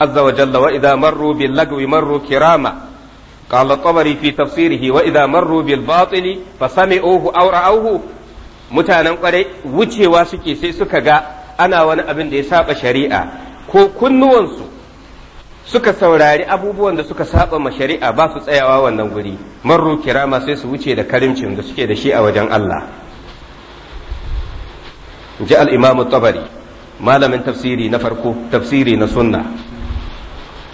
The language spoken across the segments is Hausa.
عز وجل وإذا مروا باللغو مروا كراما قال الطبري في تفسيره وإذا مروا بالباطل فسمعوه أو رأوه mutanen ƙwarai wucewa suke sai suka ga ana wani abin da ya saba shari'a ko kunnuwansu suka saurari abubuwan da suka saba ma shari'a ba su tsayawa wannan guri marru kirama sai su wuce da karimcin da suke da shi a wajen Allah ji al-imamu malamin tafsiri na farko tafsiri na sunna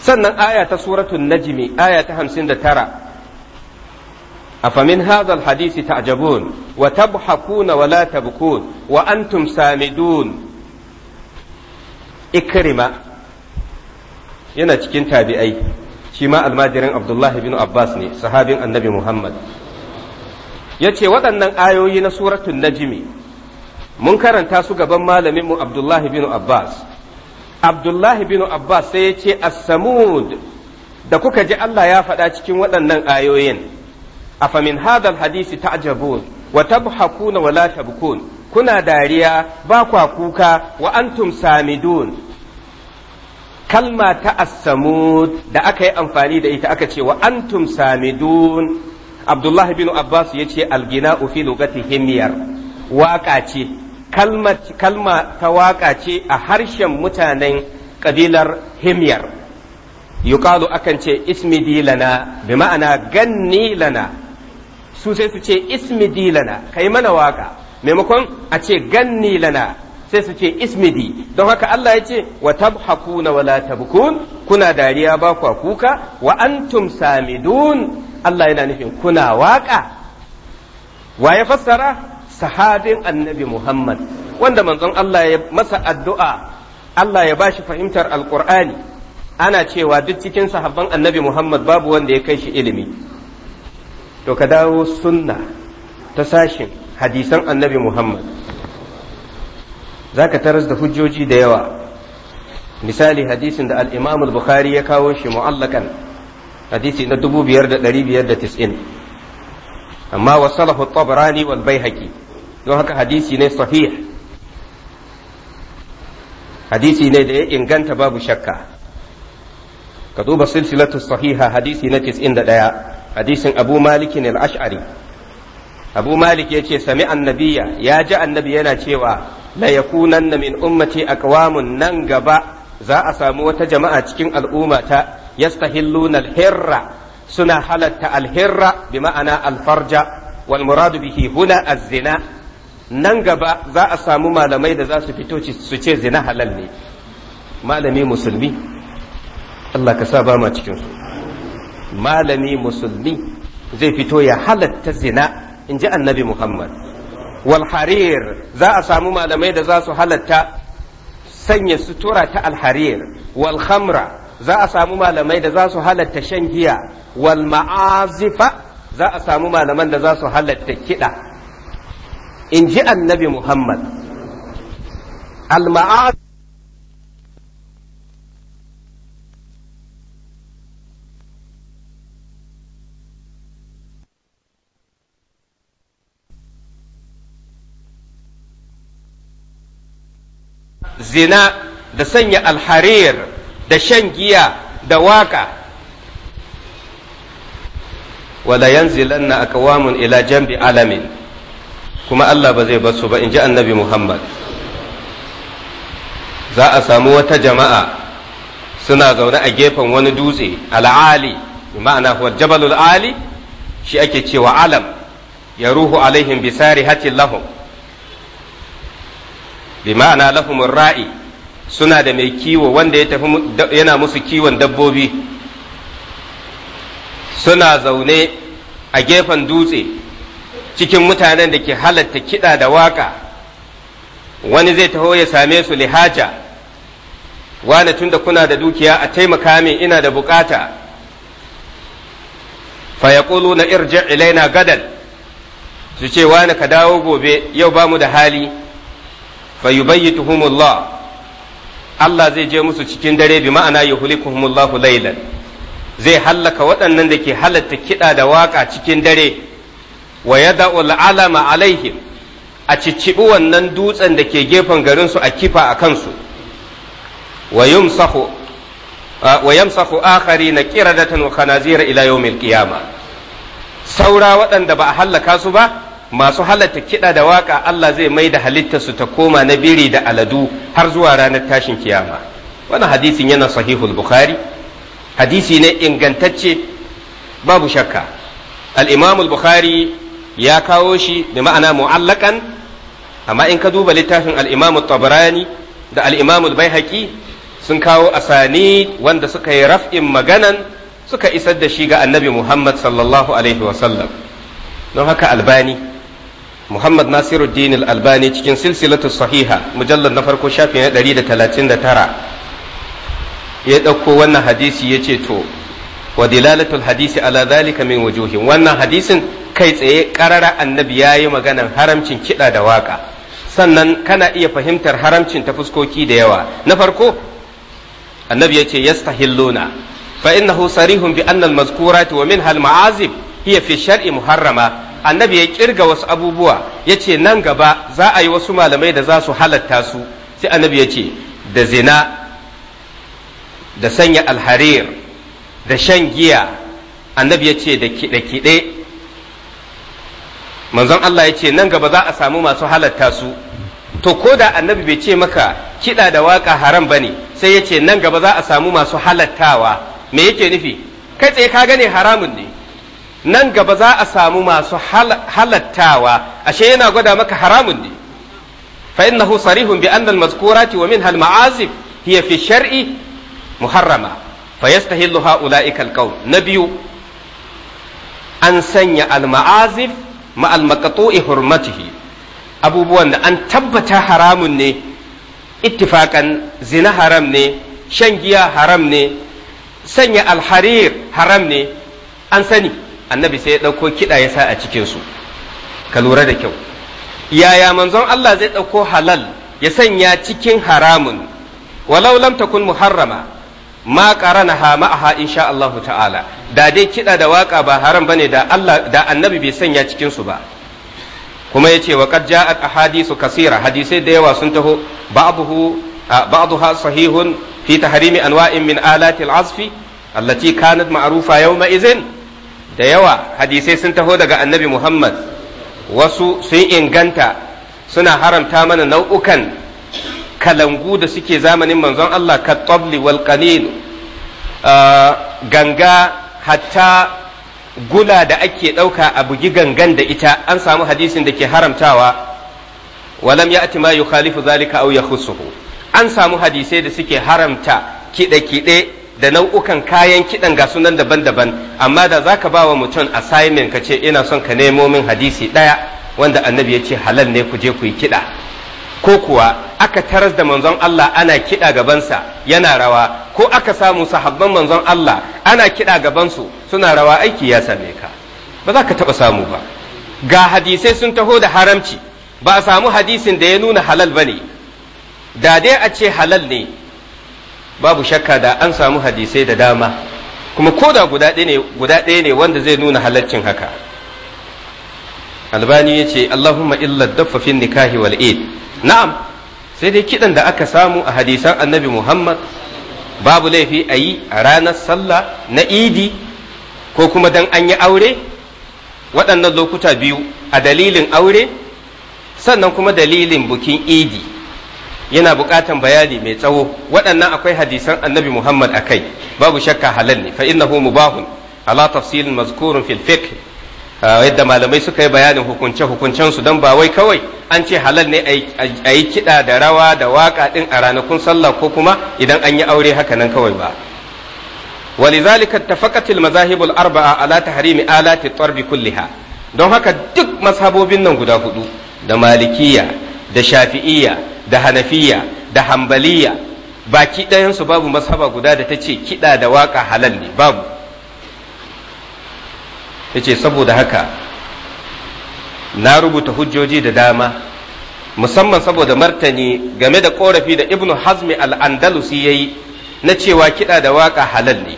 sannan aya ta suratul najmi aya ta 59 afamin hadha hadisi ta'jabun wa tabhakuna wa la tabkun wa antum samidun ikrima yana cikin tabi'ai shi ma almajirin abdullahi bin abbas ne sahabin annabi muhammad ya ce waɗannan ayoyi na suratun najmi mun karanta su gaban malaminmu abdullahi bin abbas abdullahi bin abbas sai ya ce as-samud da kuka ji Allah ya faɗa cikin waɗannan ayoyin afamin hadal hadisi ta'jabun wa tabhakuna wa la tabkun kuna dariya ba kwa kuka wa antum samidun kalma ta as-samud da aka yi amfani da ita aka ce wa antum samidun abdullahi bin abbas ya ce algina'u fi lugati himyar waƙa ce kalma ta waƙa ce a harshen mutanen ƙabilar himyar Yukalu akan ce ismi lana bi ma'ana ganni lana su sai su ce ismi lana kai mana waƙa maimakon a ce ganni lana sai su ce ismidi don haka Allah ya ce wa tabhakuna wala tabkun kuna dariya ba kwa kuka wa antum samidun Allah yana nufin kuna waka wa ya fassara sahabin annabi Muhammad wanda manzon Allah ya masa addu'a Allah ya bashi fahimtar alqur'ani ana cewa duk cikin sahabban annabi Muhammad babu wanda ya kai shi ilimi to ka dawo sunna ta sashin hadisan annabi Muhammad zaka taras da hujjoji da yawa misali hadisin da al bukhari ya kawo shi mu'allakan hadisi na 5590 amma wasalahu at-Tabrani wal Baihaqi don haka hadisi ne sahih hadisi ne da ya inganta babu shakka ka duba silsilatu sahiha hadisi na 91 hadisin abu ne al-ash'ari abu malik ya ce sami annabiya ya ji annabi yana cewa la yakunanna min ummati aqwamun nan gaba za a samu wata jama'a cikin al'ummata yastahilluna al-hirra suna halatta alhirra bi ma'ana alfarja wal muradu bihi huna az-zina nan gaba za a samu malamai da za su fito su ce zina halal ne malami musulmi Allah ka sa ba ma cikinsu malami musulmi zai fito ya halatta zina in ji annabi Muhammad wal za a samu malamai da za su halatta sanya sutura ta alharir Walhamra za a samu malamai da za su halatta shan giya Walma'azifa za a samu malaman da za su halatta kiɗa in ji annabi Muhammad al-ma'ad zina da sanya alharir da shan giya da waka wala yanzilanna aqwamun ila jambi alamin kuma Allah ba zai basu ba in ji annabi Muhammad za a samu wata jama'a suna zaune a gefen wani dutse al'ali ma'ana huwa jabalul ali shi ake cewa alam ya ruhu alaihim bisari hatin lahum bi ma'ana lahumun ra'i suna da mai kiwo wanda ya tafi yana musu kiwon dabbobi suna zaune a gefen dutse cikin mutanen da ke halatta kiɗa da waƙa wani zai taho ya same su lihaja wane tun da kuna da dukiya a taimaka min ina da bukata fa ya na irji ilaina gadal su ce wane ka dawo gobe yau ba mu da hali fa yubayyituhumullah Allah zai je musu cikin dare bi ma'ana ya yuhlikuhumullahu laylan zai hallaka waɗannan da ke halatta kiɗa da waƙa cikin dare wa ya al'alama alaihim a cicciɓi wannan dutsen da ke gefen garinsu a kifa a kansu wa na ƙira da akharina qiradatan wa khanazira ila yawmil ƙiyama. saura waɗanda ba a hallaka su ba masu halatta kiɗa da waƙa Allah zai mai da su ta koma na biri da aladu har zuwa ranar tashin kiyama wannan hadisin yana sahihul bukhari hadisi ne ingantacce babu shakka al imamul bukhari ya kawo shi da ma'ana mu'allakan amma in ka duba littafin al-Imam tabarani da al-Imam al sun kawo asani wanda suka yi raf'in maganan suka isar da shi ga Annabi Muhammad sallallahu alaihi wa sallam don haka albani Muhammad Nasiruddin al-Albani cikin silsilatu sahiha mujallar na farko shafi na 139 ya ɗauko wannan hadisi ya ce to wa dilalatul hadisi ala zalika min wujuhin wannan hadisin kai tsaye ƙarara annabi ya yi maganan haramcin kiɗa da waƙa sannan kana iya fahimtar haramcin ta fuskoki da yawa na farko annabi ya ce yastahilluna fa innahu sarihun bi annal mazkurati wa min hal ma'azib hiya fi shar'i muharrama annabi ya kirga wasu abubuwa ya ce nan gaba za a yi wasu malamai da za su halatta su sai annabi ya ce da zina da sanya alharir da shan giya annabi ya ce da kiɗe-kiɗe manzon Allah ya ce nan gaba za a samu masu halatta su to ko da annabi bai ce maka kiɗa da waƙa haram ba ne sai ya ce nan gaba za a samu masu halattawa me yake nufi kai tsaye ka gane haramun ne nan gaba za a samu masu halattawa ashe yana gwada maka haramun ne fa innahu sarihun bi anna al-mazkurati wa min al-ma'azif hiya fi shar'i muharrama fa yastahillu ha'ula'ika al-qawm na biyu an sanya al ma'al maqtu'i hurmatihi abubuwan da an tabbata haramun ne ittifakan zina haram ne shan giya haram ne sanya alharir haram ne an sani annabi sai ya ɗauko kiɗa ya sa a cikinsu ka lura da kyau yaya manzon Allah zai ɗauko halal ya sanya cikin haramun walau lam takun muharrama ma qaranaha ma'aha insha Allah ta'ala da dai kiɗa da waƙa ba haram bane da da annabi bai sanya cikin su ba kuma yace wa qad ja'at ahadisu kasira hadisai da yawa sun taho ba'dahu ha sahihun fi tahrimi anwa'in min alati al-azfi allati kanat ma'rufa yawma idhin da yawa hadisai sun taho daga annabi Muhammad wasu sun inganta suna haramta mana nau'ukan kalangu da suke zamanin manzon Allah ka tabli wal uh, ganga hatta gula da ake ɗauka a bugi gangan da ita an samu hadisin da ke haramtawa walam ya ma yukhalifu zalika aw yakhusuhu an samu hadisai da suke haramta kiɗe-kiɗe da nau'ukan kayan kiɗan ga sunan daban-daban amma da zaka ba wa mutum assignment ka ce ina son ka nemo min hadisi ɗaya wanda annabi ya ce halal ne ku je ku yi kiɗa ko kuwa aka taras da manzon Allah ana kiɗa gabansa yana rawa ko aka samu sahabban manzon Allah ana kiɗa gabansu suna rawa aiki ya same ka ba za ka taɓa samu ba ga hadisai sun taho da haramci ba a samu hadisin da ya nuna halal ba ne da dai a ce halal ne babu shakka da an samu hadisai da dama kuma ko da guda ɗaya ne wanda zai nuna halalcin haka albani ya ce allahumma illa daffa fin nikahi wal na'am sai dai kiɗan da aka samu a hadisan annabi muhammad babu laifi a yi a ranar sallah na idi ko kuma dan an yi aure waɗannan lokuta biyu a dalilin aure sannan kuma dalilin bukin idi yana buƙatan bayani mai tsawo waɗannan akwai hadisan annabi muhammad a kai babu shakka halal ne fa innahu mubahun ala tafsilin mazkurun fil fiqh Ah, yadda malamai suka yi bayanin hukunce hukuncensu don ba wai kawai an ce halal ne a yi kiɗa da rawa da waƙa ɗin a ranakun sallah ko kuma idan an yi aure haka nan kawai ba ولذلك tafakatil mazahibul arba'a ala tahrimi alati الطرب kulliha don haka duk mazhabobin nan guda hudu da malikiya da shafi'iyya da hanafiya da hambaliya baki ɗayansu babu mazhaba guda da ta ce kiɗa da waƙa halal ne babu ce saboda haka na rubuta hujjoji da dama musamman saboda martani game da korafi da ibnu hazmi al-andalusi yayi na cewa kiɗa da waƙa halal ne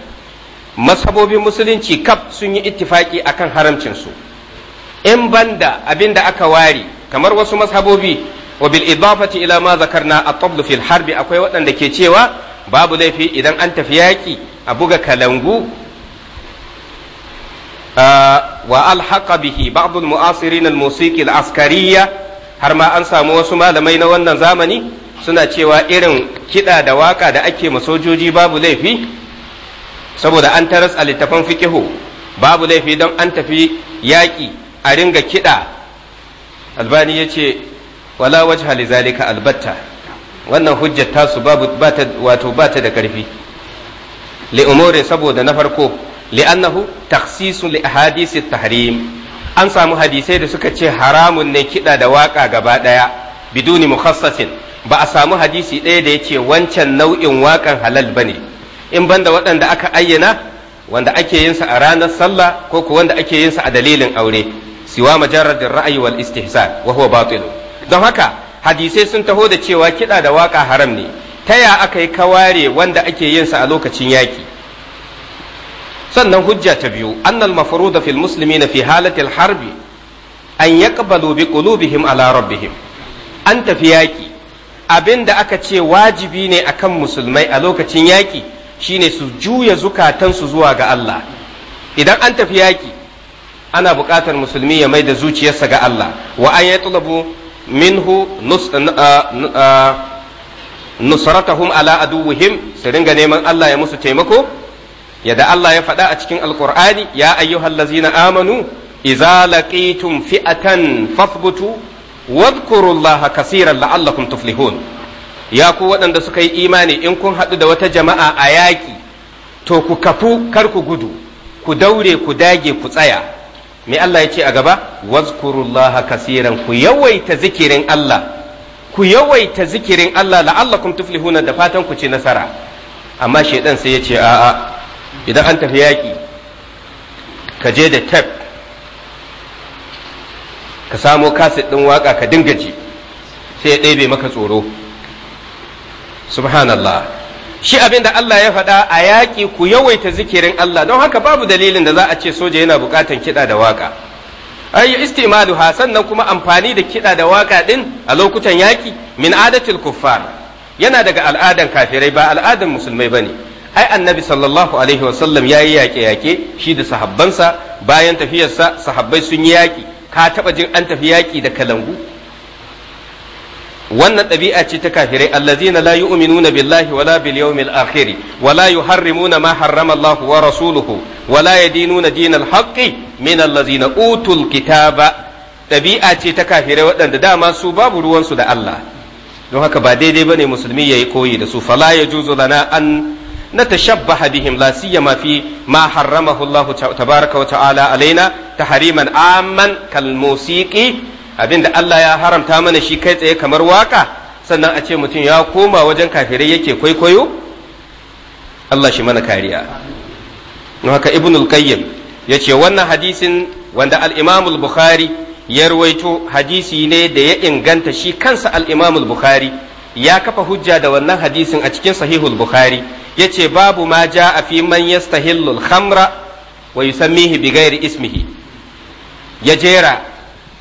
masabobin musulunci kaf sun yi ittifaki akan haramcinsu in banda abin da aka ware kamar wasu mashabobi wa bil idafati ila ma zakarna a tablu fil harbi akwai waɗanda ke cewa babu laifi idan an tafi yaƙi a buga kalangu wa alhaqa bihi ba'd muasirin al har ma an samu wasu malamai na wannan zamani suna cewa irin kiɗa da waka da ake ma sojoji babu laifi saboda an taras a littafan fikihu babu laifi don an tafi yaƙi a ringa kiɗa albani ya ce wala wajha li albatta wannan hujjar tasu babu bata wato bata da ƙarfi li umuri saboda na farko li'annahu takhsisun li ahadisi tahrim an samu hadisai da suka ce haramun ne kiɗa da waƙa gaba ɗaya biduni mukhassasin ba a samu hadisi ɗaya da yace wancan nau'in waƙan halal bane in banda waɗanda aka ayyana wanda ake yinsa a ranar sallah ko ko ake yinsa a dalilin aure siwa majarradin ra'ayi wal istihsan wa huwa batil don haka hadisai sun taho da cewa kiɗa da waka haram ne ta ya aka yi kaware wanda ake yinsa a lokacin yaƙi sannan hujja ta biyu annal mafruda fil muslimina fi halatil harbi an yaqbalu bi qulubihim ala rabbihim an tafi yaki abinda aka ce wajibi ne akan musulmai a lokacin yaki shine su juya zukatansu zuwa ga Allah idan an tafi yaki ana buƙatar musulmi ya mai da zuciyarsa ga Allah wa an yatlubu minhu nusratahum ala aduwwihim su ringa neman Allah ya musu taimako yadda Allah ya faɗa a cikin alkur'ani ya ayyuhal lazina amanu idza laqitum fi'atan fathbutu wadhkurullaha kaseeran la'allakum tuflihun ya ku waɗanda suka yi imani in kun haɗu da wata jama'a a yaƙi to ku kafu kar ku gudu ku daure ku dage ku tsaya me Allah ya ce a gaba wazkurullaha kasiran ku yawaita zikirin Allah ku yawaita zikirin Allah la'allakum tuflihuna da fatan ku ci nasara amma shaidan sai ya ce a'a idan an tafi yaƙi ka je da tep ka samo kaset ɗin waƙa ka dinga ji sai ya ɗebe maka tsoro subhanallah shi abin da Allah ya faɗa a yaƙi ku yawaita zikirin Allah don haka babu dalilin da za a ce soja yana buƙatan kiɗa da waƙa istimalu ha sannan kuma amfani da kiɗa da waƙa ɗin a lokutan yaƙi min adatil kuffar yana daga al'adan kafirai ba al'adan musulmai bane ai annabi sallallahu alaihi wasallam ya yi yaƙe-yaƙe shi da sahabbansa bayan tafiyarsa sahabbai sun yi yaƙi ka taɓa jin an tafi yaƙi da kalangu wannan ɗabi'a ce ta kafirai allazina la yu'minuna billahi wala bil yawmil akhir wala yuharrimuna ma harrama Allah wa rasuluhu wala yadinuna dinal haqqi min allazina utul kitaba ɗabi'a ce ta kafirai waɗanda dama su babu ruwansu da Allah don haka ba daidai bane musulmi yayi koyi da su fala yajuzu lana an نتشبه بهم لا سيما في ما حرمه الله تبارك وتعالى علينا تحريما عاما كالموسيقى abin da Allah ya haramta mana shi kai tsaye kamar waka sannan a ce mutum ya koma wajen kafirai yake kwaikwayo Allah shi mana kariya don haka ibnul qayyim yace wannan hadisin wanda al-imam al-bukhari ya ruwaito hadisi ne da ya inganta shi kansa al-imam al-bukhari ya kafa hujja da wannan hadisin a cikin sahihul bukhari ce babu ma a fi man yastahillu khamra wa yusammihi bighairi ismihi ya jera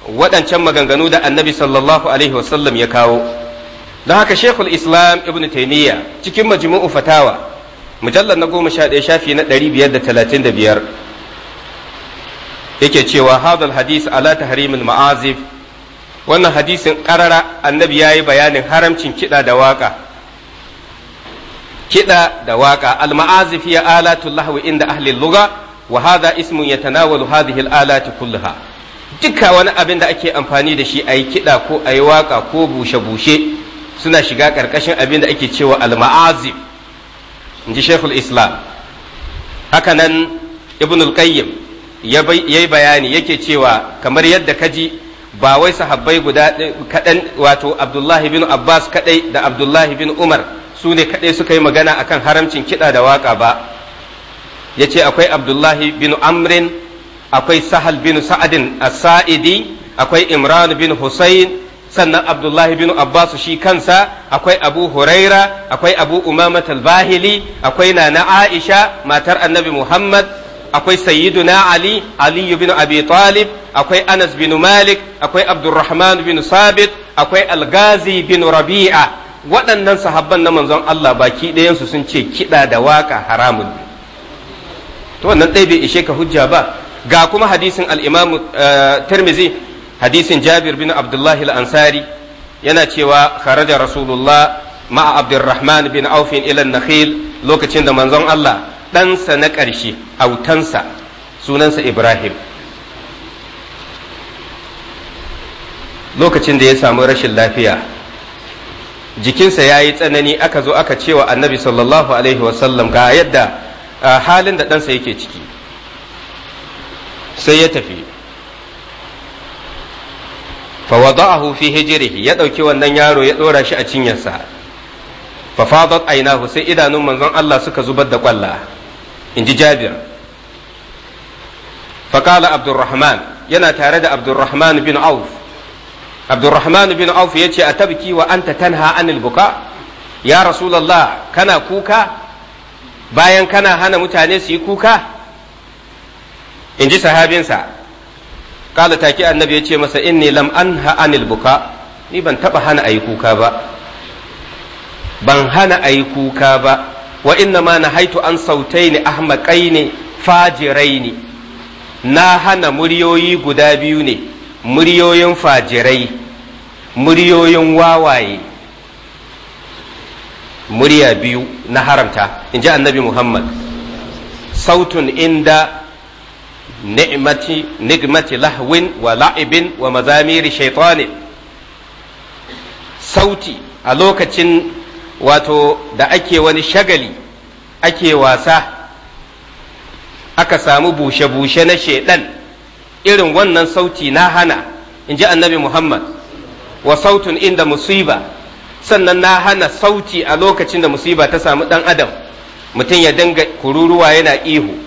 waɗancan maganganu da annabi sallallahu alaihi wasallam ya kawo don haka shekul islam ibn taimiyya cikin majmu'u fatawa mujallar na goma sha ɗaya shafi na ɗari biyar da talatin da biyar yake cewa hadal hadis ala tahrimil ma'azif wannan hadisin ƙarara annabi ya yi bayanin haramcin kiɗa da waƙa kiɗa da waƙa alma'azif ya alatu lahwi inda ahli lugha wa hadha ya yatanawalu hadhihi alati kullaha duka wani abin da ake amfani da shi ayi kiɗa ko ayi waƙa ko bushe bushe suna shiga ƙarƙashin abin da ake cewa alma'azif inji shaykhul islam haka nan ibnul qayyim ya yi bayani yake cewa kamar yadda kaji ba wai sahabbai guda kaɗan wato abdullahi bin abbas kaɗai da abdullahi bin umar su ne kaɗai suka yi magana akan haramcin kiɗa da waƙa ba ya ce akwai abdullahi bin amrin akwai sahal bin sa'adin as-sa'idi akwai imran bin husayn sannan abdullahi bin abbas shi kansa akwai abu huraira akwai abu umamat al-bahili akwai nana aisha matar annabi muhammad akwai sayyiduna ali ali bin abi talib akwai anas bin malik akwai abdurrahman bin sabit akwai algazi bin rabi'a waɗannan sahabban na manzon Allah baki su sun ce kiɗa da waka haramun to wannan ɗaya bai ishe ka hujja ba ga kuma hadisin al-imam eh, tirmizi hadisin jabir bin abdullahi al-ansari yana cewa kharaja rasulullah ma'a abdurrahman bin aufin ila nakhil lokacin da manzon Allah ɗansa na ƙarshe autansa sunansa ibrahim lokacin da ya samu rashin lafiya jikinsa ya yi tsanani aka zo aka cewa annabi sallallahu alaihi wasallam ga yadda halin da ɗansa yake ciki sai ya tafi fawada'ahu fi hijrihi ya ɗauki wannan yaro ya ɗora shi a cinyarsa fafadat ainahu sai idanun manzon Allah suka zubar da kwalla in ji jabir faƙala yana tare da abdurrahman bin auf abdulrahman bin auf ya ce a tabki wa anta tanha anil buka ya rasulallah kana kuka bayan kana hana mutane su yi kuka in ji sahabinsa kala take annabi ya ce masa inni lam anha anil buka ni ban taba hana a yi kuka ba ban hana a yi kuka ba wa inna ma haitu an ne fajirai ne na hana muryoyi guda biyu ne muryoyin fajirai muryoyin wawaye murya biyu na haramta in ji annabi muhammad sautun inda ni'mati nigmati lahwin wa la'ibin wa mazamiri shaitani sauti a lokacin wato da ake wani shagali ake wasa aka samu bushe-bushe na shaidan irin wannan sauti na hana in ji annabi muhammad wa sautun inda musiba sannan na hana sauti a lokacin da musiba ta samu dan adam mutum ya dinga kururuwa yana ihu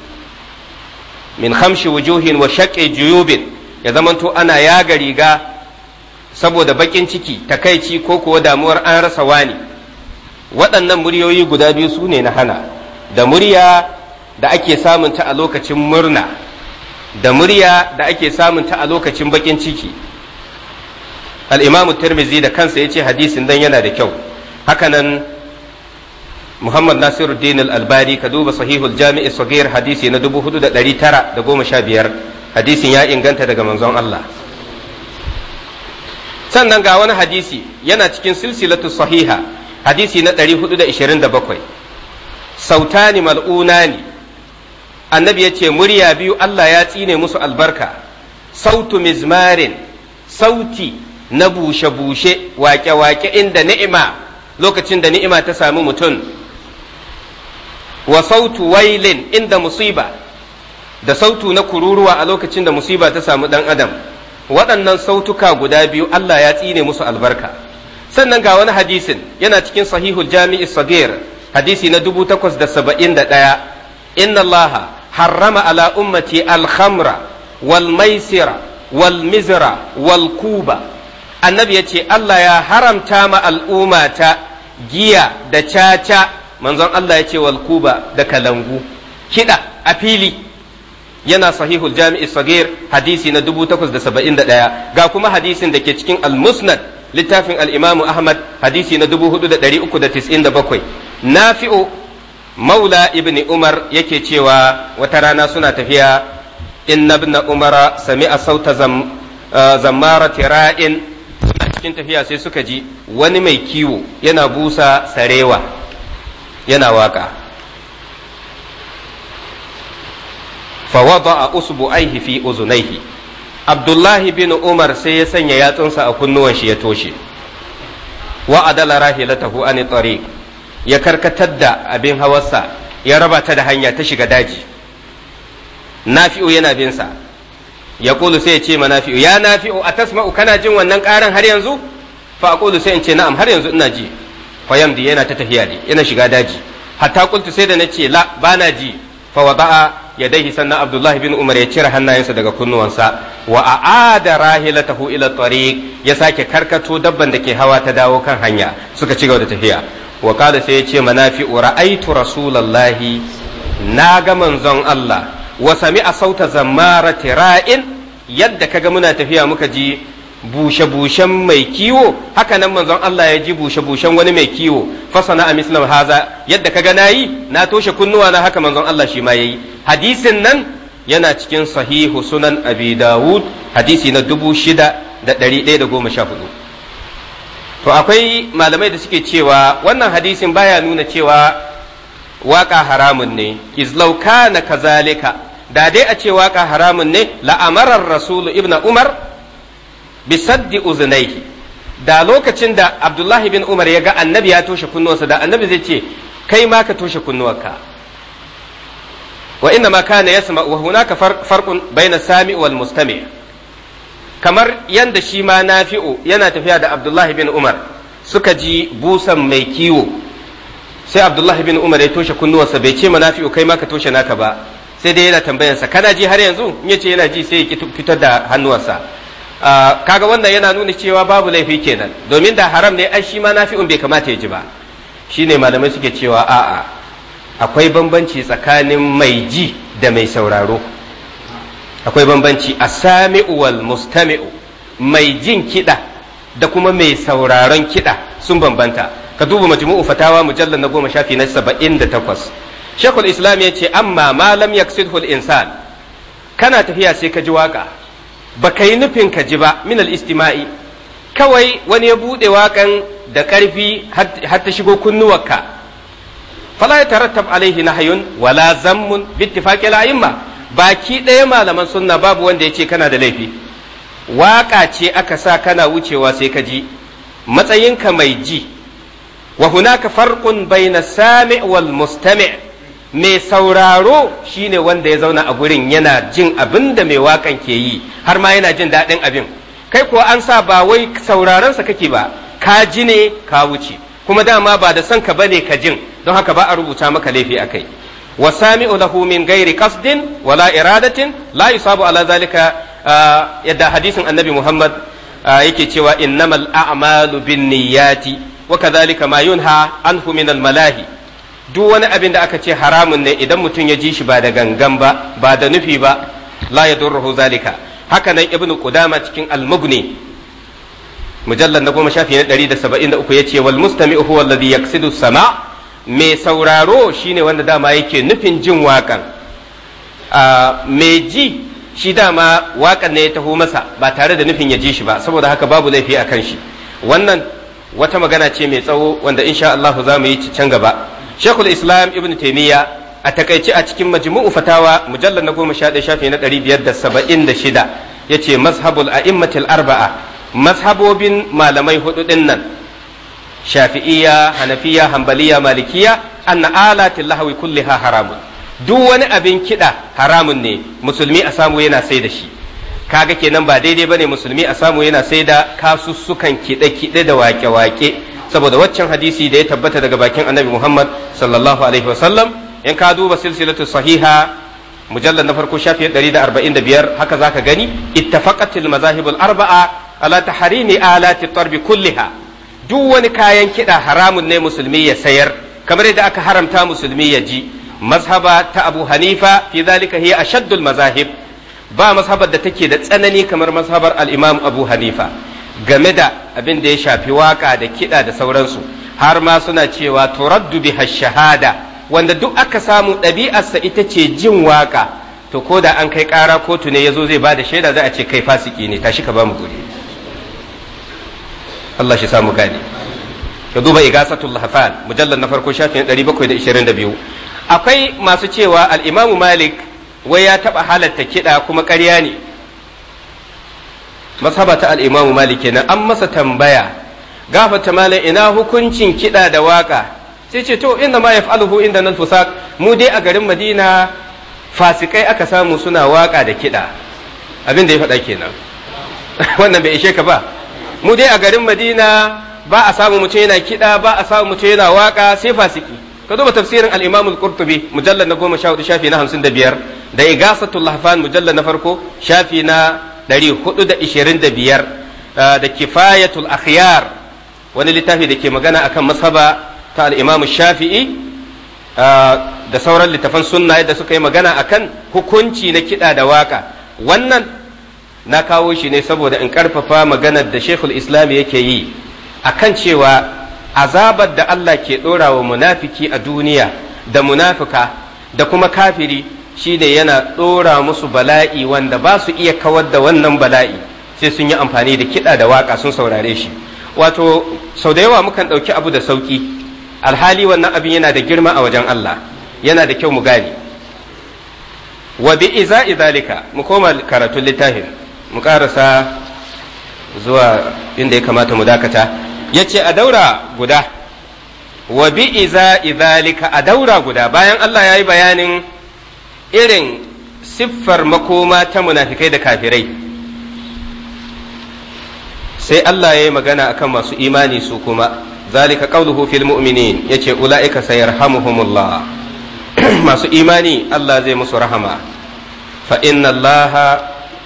min hamshi wujuhin wa shaƙe juyubin ya zamanto ana yaga riga saboda baƙin ciki takaici ko kuwa damuwar an rasa wani waɗannan muryoyi guda biyu su ne na hana da murya da ake samunta a lokacin murna da murya da ake samunta a lokacin baƙin ciki al'imamu tirmizi da kansa ya ce hadisin dan yana da kyau hakanan muhammad nasiruddin al albari ka duba sahihul jami'i sagir hadisi na 4915 hadisin ya inganta daga manzon Allah sannan ga wani hadisi yana cikin silsilatu sahiha hadisi na 427 sautani mal'unani annabi ya ce murya biyu Allah ya tsine musu albarka sautu mizmarin sauti na bushe-bushe wake-wake inda ni'ima lokacin da ni'ima ta samu mutum wa sautu wailin inda musiba da sautu na kururuwa a lokacin da musiba ta samu dan adam waɗannan sautuka guda biyu Allah ya tsine musu albarka sannan ga wani hadisin yana cikin sahihul jami'i sagir hadisi na 871 inna allaha harrama ala ummati al-khamra wal maisira wal mizra wal kuba annabi ya ce Allah ya haramta ma al'ummata giya da caca manzon Allah ya ce wal kuba da kalangu kiɗa a fili yana sahihul jami'i sagir hadisi na ɗaya. ga kuma hadisin da ke cikin al-musnad littafin al Ahmad hadisi na 4397 Nafi'u Maula ibn Umar yake cewa wata rana suna tafiya inna ibn Umar sami'a sauta eh, zammara tira'in suna cikin tafiya sai suka ji wani mai kiwo yana busa sarewa yana waka fa wada'a usbu'aihi fi uzunaihi abdullahi bin umar sai ya sanya yatsunsa a kunnuwan shi ya toshe wa adala rahilatahu an tsari ya karkatar da abin hawarsa ya raba ta da hanya ta shiga daji nafi'u yana bin sa ya kulu sai ya ce ma nafi'u ya nafi'u a tasma'u kana jin wannan karan har yanzu fa aqulu sai in ce na'am har yanzu ina ji fa yamdi yana ta tafiya ne yana shiga daji hatta qultu sai da nace la bana ji fa wada'a yadaihi sannan Abdullah bin Umar ya cire hannayensa daga kunnuwansa wa a'ada rahilatahu ila tariq ya sake karkato dabban da ke hawa ta dawo kan hanya suka ci gaba da tafiya wa qala sai ya ce manafi'u ra'aitu rasulullahi na ga manzon Allah wa a sauta zammarati ra'in yadda kaga muna tafiya muka ji bushe-bushen mai kiwo haka nan manzon Allah ya ji bushe-bushen wani mai kiwo fasana a mislam haza yadda kaga nayi na toshe kunnuwa na haka manzon Allah shi ma yayi hadisin nan yana cikin sahihu sunan abi dawud hadisi na dubu shida da ɗari ɗaya da goma sha hudu to akwai malamai da suke cewa wannan hadisin baya nuna cewa waka haramun ne izlauka na kazalika da dai a ce waka haramun ne la'amarar rasulu ibna umar bisaddi uzunaihi da lokacin da abdullahi bin umar ya ga annabi ya toshe kunnuwansa da annabi zai ce kai ma ka toshe kunnuwanka wa inna ma kana yasma wa hunaka farqun baina sami wal mustami kamar yanda shi ma nafi'u yana tafiya da abdullahi bin umar suka ji busan mai kiwo sai abdullahi bin umar ya toshe kunnuwansa bai ce ma nafi'u kai ma ka toshe naka ba sai dai yana tambayarsa kana ji har yanzu in ya ce yana ji sai ya fitar da hannuwansa Ah, kaga wannan yana nuna cewa babu laifi kenan domin da haram ne ai shi ma nafi'un bai kamata ya ji ba shine malamai suke cewa a'a akwai bambanci tsakanin mai ji da mai sauraro akwai bambanci asami'u wal mustami'u mai jin kiɗa da kuma mai sauraron kiɗa sun bambanta ka duba majmu'u fatawa mujallal na goma shafi na saba'in da takwas shekul islam ya ce amma malam lam yaksidhu al-insan kana tafiya sai ka ji waka baka yi nufin ka ji ba minal istima'i kawai wani ya buɗe waƙan da karfi har ta shigo kunnuwarka fala ya tarattab alaihi nahayun wala zammun bittifaqi al-a'imma baki ɗaya malaman sunna babu wanda yace kana da laifi waka ce aka sa kana wucewa sai ka ji matsayinka mai ji wa hunaka farqun bayna sami' wal mustami' mai sauraro shine wanda ya zauna a gurin yana jin abin da mai wakan ke yi har ma yana jin daɗin abin kai kuwa an sa ba wai sauraronsa kake ba ka ji ne ka wuce kuma dama ba da son ka bane ka jin don haka ba a rubuta maka laifi a kai wa sami'u lahu min ghairi qasdin wala iradatin la yusabu ala zalika yadda hadisin annabi muhammad yake cewa innamal a'malu bin niyyati wa kadhalika ma yunha anhu min al malahi duk wani abin da aka ce haramun ne idan mutum ya ji shi ba da gangan ba ba da nufi ba la ya raho zalika haka nan ibnu qudama cikin al-mughni mujallal na goma shafi na 173 yace wal mustami'u huwa alladhi yaqsidu sama mai sauraro shine wanda dama yake nufin jin waƙan mai ji shi dama waƙan ne ya taho masa ba tare da nufin ya ji shi ba saboda haka babu laifi a kan shi wannan wata magana ce mai tsawo wanda insha Allah za mu yi can gaba shekul islam ibn taimiyya a takaici a cikin majmu'u fatawa mujallar na goma sha shafi na ɗari biyar da saba'in da shida ya ce mazhabul a'immatil arba'a mazhabobin malamai hudu ɗin nan shafi'iyya hanafiya hambaliya malikiya anna alatil lahawi kulliha haramun duk wani abin kiɗa haramun ne musulmi a samu yana sai da shi kaga kenan ba daidai bane musulmi a samu yana sai da kasussukan kiɗe-kiɗe da wake-wake saboda waccan hadisi da ya tabbata daga bakin annabi Muhammad sallallahu alaihi wasallam in ka duba silsilatu sahiha mujallad na farko shafi 145 haka zaka gani ittafaqatil mazahibul arba'a ala tahrimi alati tarbi kulliha duk wani kayan kida haramun ne musulmi ya sayar kamar yadda aka haramta musulmi ya ji mazhaba ta Abu Hanifa fi zalika hiya ashaddul mazahib ba mazhabar da take da tsanani kamar mazhabar al-Imam Abu Hanifa game da abin da ya shafi waka da kiɗa da sauransu har ma suna cewa turaddu biha shahada wanda duk aka samu ɗabi'arsa ita ce jin waka to ko da an kai ƙara kotu ne ya zo zai ba da shaida za a ce kai fasiki ne tashi ka ba mu gode Allah shi samu gane ka duba igasatul hafal mujallar na farko shafin 722 akwai masu cewa al-imamu malik wai ya taɓa halatta kiɗa kuma ƙarya ne masaba ta al-Imam Malik kenan an masa tambaya gafata malam ina hukuncin kiɗa da waka sai ce to inda ma yaf'aluhu inda nan fusak mu dai a garin Madina fasikai aka samu suna waka da kiɗa abin da ya faɗa kenan wannan bai ishe ka ba mu dai a garin Madina ba a samu mutum yana kiɗa ba a samu mutum yana waka sai fasiki ka duba tafsirin al-Imam al-Qurtubi mujallal na 14 shafi na 55 da Igasatul Lahfan mujallal na farko shafi na 425 ah, da kifayatul akhyar wani littafi da ke magana akan masaba ta al-imam shafi'i ah, da sauran littafan sunna da suka yi magana akan hukunci na kiɗa da waka wannan na kawo shi ne saboda in ƙarfafa maganar da shekul islam yake yi akan cewa azabar da Allah ke ɗora wa munafiki a duniya da munafuka da kuma kafiri Shi ne yana ɗora musu bala'i wanda ba su iya kawar da wannan bala'i sai sun yi amfani da kiɗa da waƙa sun saurare shi wato sau da yawa mukan ɗauki abu da sauƙi alhali wannan abin yana da girma a wajen Allah yana da kyau mu gane wa bi iza idalika mu koma karatun littafin mu karasa zuwa inda ya kamata mu dakata yace a daura guda wa bi iza idalika a daura guda bayan Allah ya yi bayanin irin siffar makoma ta munafikai da kafirai sai Allah ya yi magana akan masu imani su kuma zalika qauluhu fil mu'minin yace ulaika sayarhamuhumullah masu imani Allah zai musu rahama fa inna Allah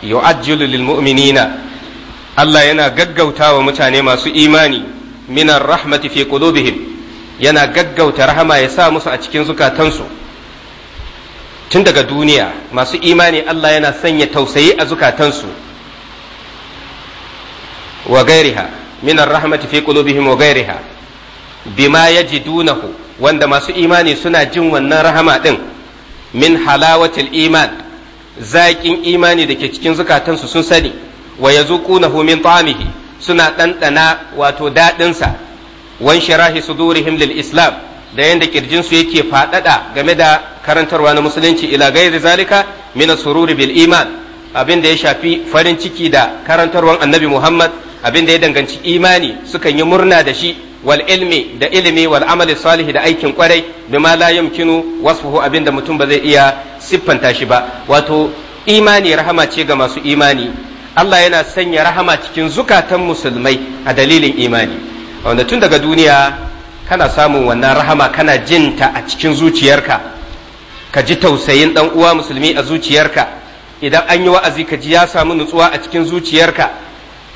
yu'ajjilu lil mu'minina Allah yana gaggautawa mutane masu imani minar rahmati fi qulubihim yana gaggauta rahama ya sa musu a cikin zukatansu tun daga duniya masu imani Allah yana sanya tausayi a zukatansu wa gairiha min rahmati fi qulubihim wa gairiha bima yajidunahu wanda masu imani suna jin wannan rahama din min halawatil iman zaƙin imani da ke cikin zukatansu sun sani wa yazuqunahu min ta'amihi suna ɗanɗana wato daɗinsa wan sharahi sudurihim lil islam da yanda su yake faɗaɗa game da karantarwa na musulunci ila gairi zalika mina sururi bil iman abin da ya shafi farin ciki da karantarwan annabi muhammad abin da ya danganci imani sukan yi murna da shi wal ilmi da ilimi wal amali salihi da aikin kwarai bima la yumkinu wasfuhu abin da mutum ba zai iya siffanta shi ba wato imani rahama ce ga masu imani Allah yana sanya rahama cikin zukatan musulmai a dalilin imani wanda tun daga duniya kana samun wannan rahama kana jin ta a cikin zuciyarka ka ji tausayin dan uwa musulmi a zuciyarka idan an yi wa'azi ka ji ya samu nutsuwa a cikin zuciyarka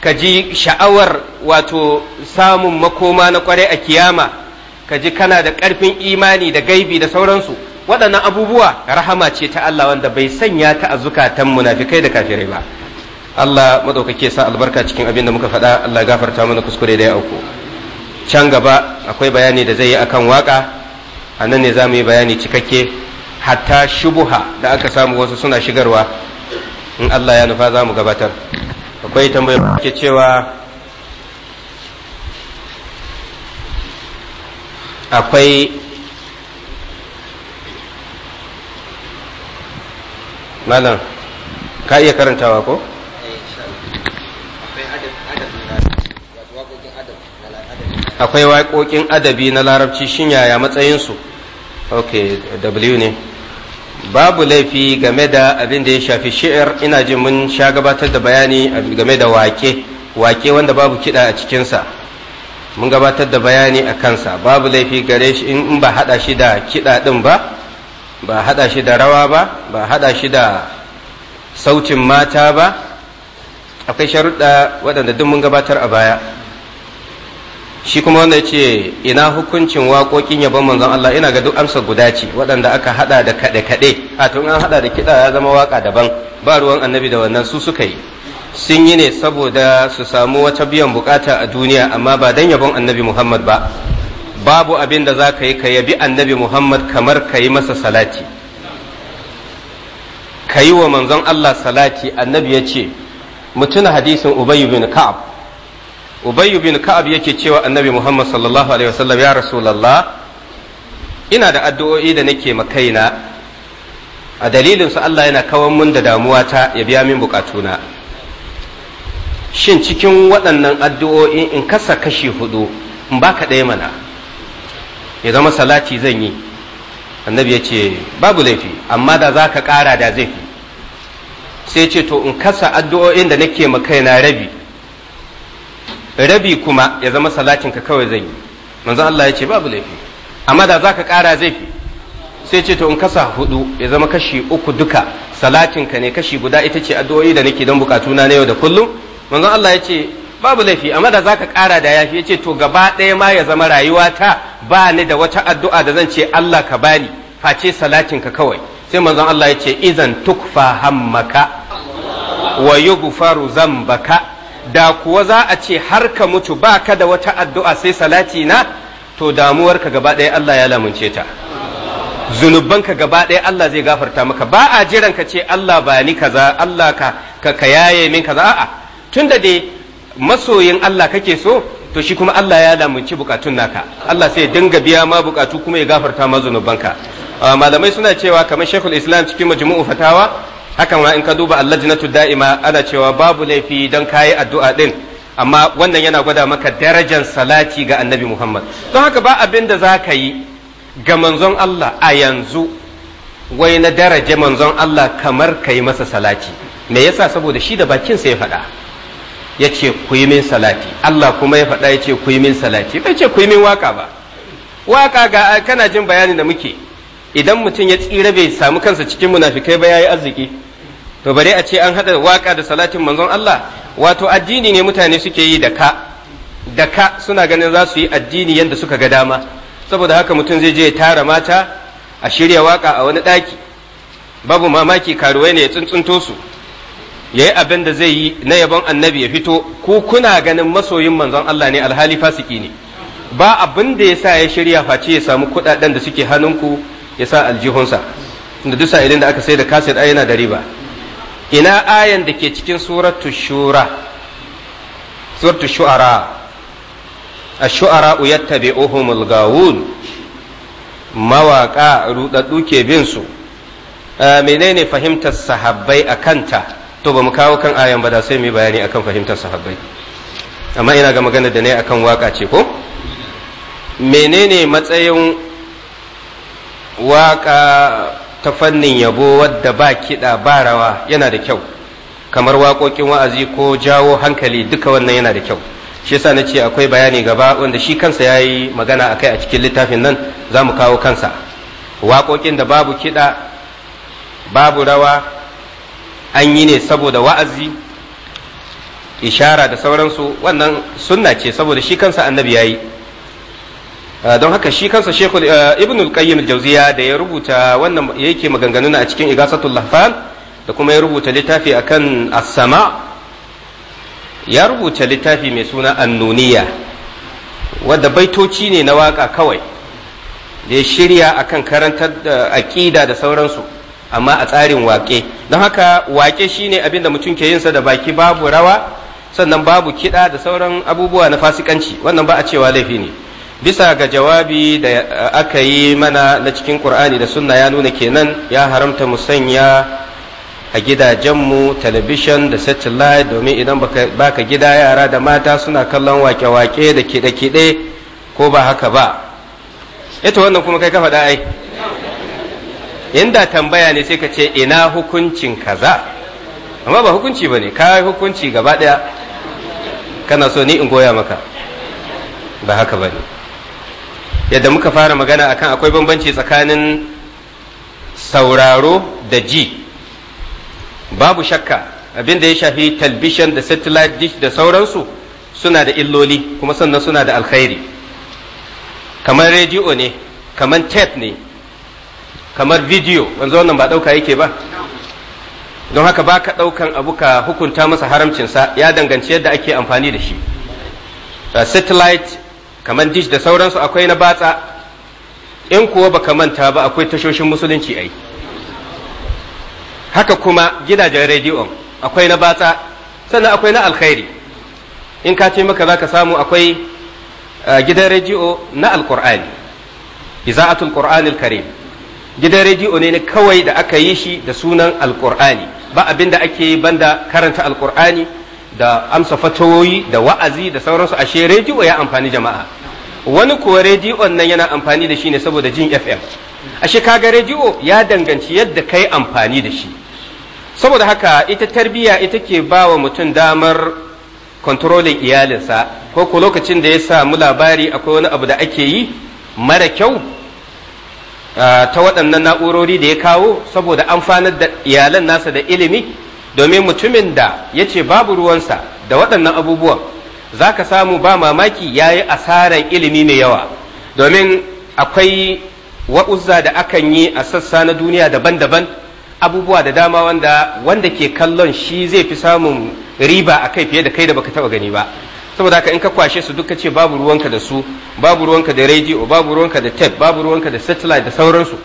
ka ji sha'awar wato samun makoma na kwarai a kiyama ka ji kana da ƙarfin imani da gaibi da sauransu waɗannan abubuwa rahama ce ta Allah wanda bai sanya ta a zukatan munafikai da kafirai ba Allah madaukake sa albarka cikin abin da muka faɗa Allah gafarta mana kuskure da ya auku can gaba akwai bayani da zai yi akan waka a nan ne za mu yi bayani cikakke hatta shubuha da aka samu wasu suna shigarwa in Allah ya nufa za mu gabatar akwai tambayar ke cewa akwai malam ka iya karantawa ko? akwai waƙoƙin adabi na larabci shin yaya matsayinsu ok w ne babu laifi game da abin da ya shafi shi'ar ina jin mun sha gabatar da bayani game da wake wake wanda babu kiɗa a cikinsa mun gabatar da bayani a kansa babu laifi gare shi in ba haɗa shi da kiɗa ɗin ba ba haɗa shi da rawa ba ba haɗa shi da sautin mata ba akwai sharuɗa waɗanda duk mun gabatar a baya shi kuma wanda ce ina hukuncin waƙoƙin yabon manzon Allah ina ga duk amsa guda ce waɗanda aka haɗa da kaɗe-kaɗe a tun an haɗa da kiɗa ya zama waƙa daban ba ruwan annabi da wannan su suka yi sun yi ne saboda su samu wata biyan bukata a duniya amma ba dan yabon annabi Muhammad ba babu abin da za ka yi ka yabi annabi Muhammad kamar ka yi masa salati ka yi wa manzon Allah salati annabi ya ce mutuna hadisin Ubay bin Ka'ab Ubayyu bin Ka'ab yake cewa Annabi Muhammad sallallahu alaihi wasallam ya Rasulullah ina da addu'o'i da nake ma kaina a dalilin su Allah yana kawan mun da damuwa ta ya biya min bukatuna shin cikin waɗannan addu'o'i in kasa kashi hudu in baka ɗaya mana ya zama salati zan yi annabi ya ce babu laifi amma da za ka ƙara da zai fi sai ce to in kasa addu'o'in da nake ma kaina rabi rabi kuma ya zama salatin ka kawai zan yi manzo Allah ya ce babu laifi amma da zaka kara zai fi sai ce to in kasa hudu ya zama kashi uku duka salatin ka ne kashi guda ita ce addu'o'i da nake don bukatuna na yau da kullum manzo Allah ya ce babu laifi amma da zaka kara da yafi ya ce to gaba ɗaya ma ya zama rayuwa ta ba ni da wata addu'a da zan ce Allah ka bani face salatin ka kawai sai manzon Allah ya ce idan tukfa hammaka wa yughfaru zambaka da kuwa za a ce har ka mutu ba ka da wata addu'a sai salati na to damuwarka gaba ɗaya Allah ya lamunce ta zunubanka gaba ɗaya Allah zai gafarta maka ba a jiran ka ce Allah ba ni kaza Allah ka ka, ka yaye min kaza a'a da dai masoyin Allah kake so to shi kuma Allah ya lamunci bukatun naka Allah sai dinga biya ma bukatu kuma ya gafarta ma zunubanka ah, malamai suna cewa kamar Sheikhul Islam cikin majmu'u fatawa hakan ma in ka duba allajnatu da'ima ana cewa babu laifi don kayi addu'a din amma wannan yana gwada maka darajar salati ga annabi Muhammad don haka ba abin da za ka yi ga manzon Allah a yanzu wai na daraja manzon Allah kamar ka yi masa salati me yasa saboda shi da bakinsa ya faɗa ya ce ku yi min salati Allah kuma ya faɗa ya ce ku yi min salati bai ce ku yi min waka ba waka ga kana jin bayani da muke idan mutum ya tsira bai samu kansa cikin munafikai ba yayi arziki to bare a ce an haɗa waka da salatin manzon Allah wato addini ne mutane suke yi da ka da ka suna ganin za su yi addini yadda suka ga dama saboda haka mutum zai je ya tara mata a shirya waka a wani daki babu mamaki karuwai ne ya tsuntsunto su ya yi abin da zai yi na yabon annabi ya fito Ko kuna ganin masoyin manzon Allah ne alhali fasiki ne ba abin da ya sa ya shirya face ya samu kuɗaɗen da suke hannunku ya sa aljihunsa da duk sa'ilin da aka sai da kaset ai yana da riba ina ayan da ke cikin suratu shura suratu shu'ara ash-shu'ara yattabi'uhumul gawun Mawaƙa ruɗaɗɗu ke bin su ah, menene fahimtar sahabbai a kanta to ba kawo kan ayan ba da sai mu bayani akan fahimtar sahabbai amma ina ga magana da ne akan waka ce ko menene matsayin waka ta fannin yabo wadda ba kiɗa ba rawa yana da kyau kamar waƙoƙin wa'azi ko jawo hankali duka wannan yana da kyau shi yasa na ce akwai bayani gaba wanda shi kansa ya yi magana a kai a cikin littafin nan za mu kawo kansa waƙoƙin da babu kiɗa babu rawa an yi ne saboda wa'azi ishara da sauransu wannan sunna ce saboda shi kansa annabi ya yi Ah, don haka shi kansa shekul ah, ibn al-qayyim al-jawziya da ya rubuta wannan yake maganganun a cikin igasatul lahfan da kuma ya rubuta littafi akan as-sama ya rubuta littafi mai suna annuniya wanda baitoci ne na waka kawai da ya shirya akan karantar da aqida da sauransu amma a tsarin waƙe don haka waƙe shine abin da mutum ke yin sa da baki babu rawa sannan babu kiɗa da sauran abubuwa na fasikanci wannan ba a cewa laifi ne bisa ga jawabi da aka yi mana na cikin ƙur'ani da sunna ya nuna kenan ya haramta mu sanya a gidajenmu talabishin da satellite domin idan baka gida yara da mata suna kallon wake-wake da kiɗe-kiɗe ko ba haka ba ita eh wannan kuma kai kafa faɗa ai inda tambaya ne sai ka ce ina hukuncin kaza amma ba hukunci ba ne ka hukunci gaba ɗaya kana so ni in goya maka ba haka ba ne yadda muka fara magana akan akwai bambanci tsakanin sauraro da ji babu shakka abin da ya shafi talbishan da satellite dish da sauransu suna da illoli kuma sannan suna da alkhairi kamar rediyo ne kamar tape ne kamar video wanzu wannan ba ɗauka yake ba don haka ba ka ɗaukan abu ka hukunta masa haramcinsa ya danganci yadda ake amfani da shi satellite kamar dish da sauransu akwai na batsa in kuwa baka manta ba akwai tashoshin musulunci ai haka kuma gidajen rediyon akwai na batsa sannan akwai na alkhairi in ka ce maka zaka samu akwai gidan rediyo na alkur'ani iza'atul qur'anil karim gidan rediyo ne kawai da aka yi shi da sunan alkur'ani ba abin da ake banda karanta alkur'ani da amsa fatoyi da wa'azi da sauransu ashe rediyo ya amfani jama'a wani kuwa rediyon nan yana amfani da shi ne saboda jin fm ashe kaga rediyo ya danganci yadda kai amfani da shi saboda haka ita tarbiyya ita ke ba wa mutum damar kontrolin iyalinsa ko ko lokacin da ya samu labari akwai wani abu da ake yi mara kyau ta waɗannan na'urori da ya kawo saboda amfanar da iyalan nasa da ilimi domin mutumin da ya ce babu ruwansa da waɗannan abubuwan za ka samu ba mamaki ya yi asarar ilimi mai yawa domin akwai wa'uzza da akan yi a sassa na duniya daban-daban abubuwa da dama wanda wanda ke kallon shi zai fi samun riba a kai fiye da kai da baka taba gani ba saboda haka in ka kwashe su duka ce babu ruwanka da su babu ruwanka da rediyo babu ruwanka da tape babu ruwanka da satellite da sauransu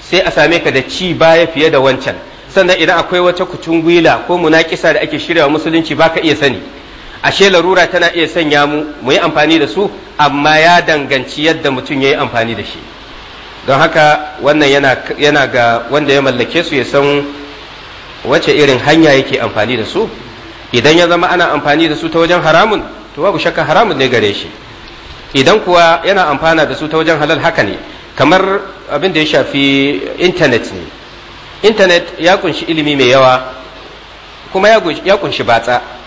sai a same ka da ci baya fiye da wancan sannan idan akwai wata kutungwila ko munakisa da ake shirya musulunci baka iya sani ashe larura tana iya sanya mu mu yi amfani da su amma ya danganci yadda mutum ya yi amfani da shi don haka wannan yana ga wanda ya mallake su ya san wace irin hanya yake amfani da su idan ya zama ana amfani da su ta wajen haramun to babu shakka haramun ne gare shi idan kuwa yana amfana da su ta wajen halal haka ne kamar abin da ya shafi intanet ne intanet ya kunshi ilimi mai yawa kuma ya kunshi batsa